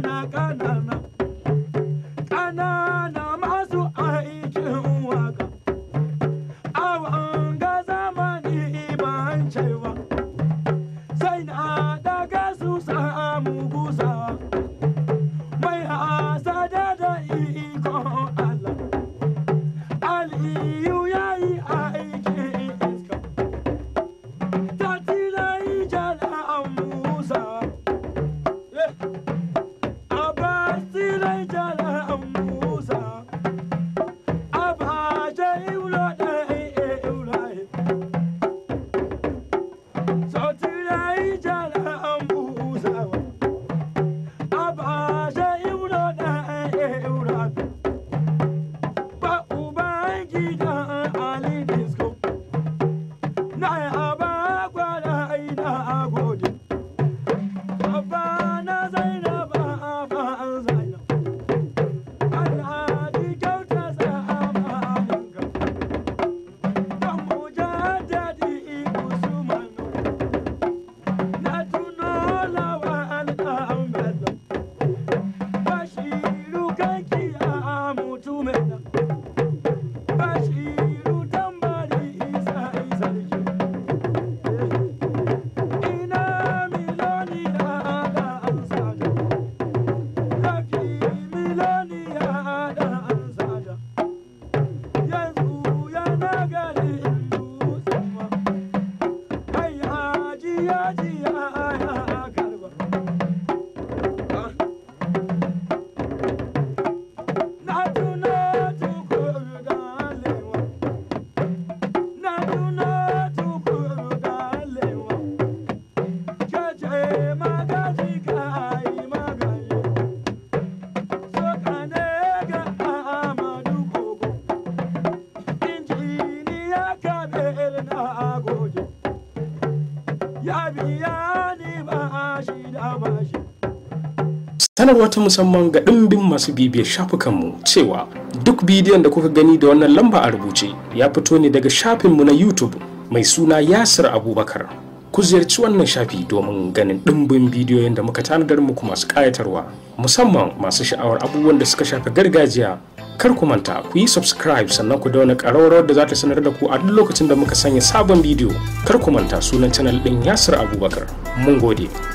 na na na na na ya wata ta musamman ga ɗimbin masu bibiyar shafukanmu cewa duk bidiyon da kuka gani da wannan lamba a rubuce ya fito ne daga shafinmu na youtube mai suna yasir abubakar ku ziyarci wannan shafi domin ganin ɗimbin bidiyoyin da muka tanadar muku masu ƙayatarwa musamman masu sha'awar abubuwan da suka shafi gargajiya kar ku manta ku yi subscribe sannan ku dauna ƙararrawar da za ta sanar da ku a duk lokacin da muka sanya sabon bidiyo kar ku manta sunan channel ɗin yasir abubakar mun gode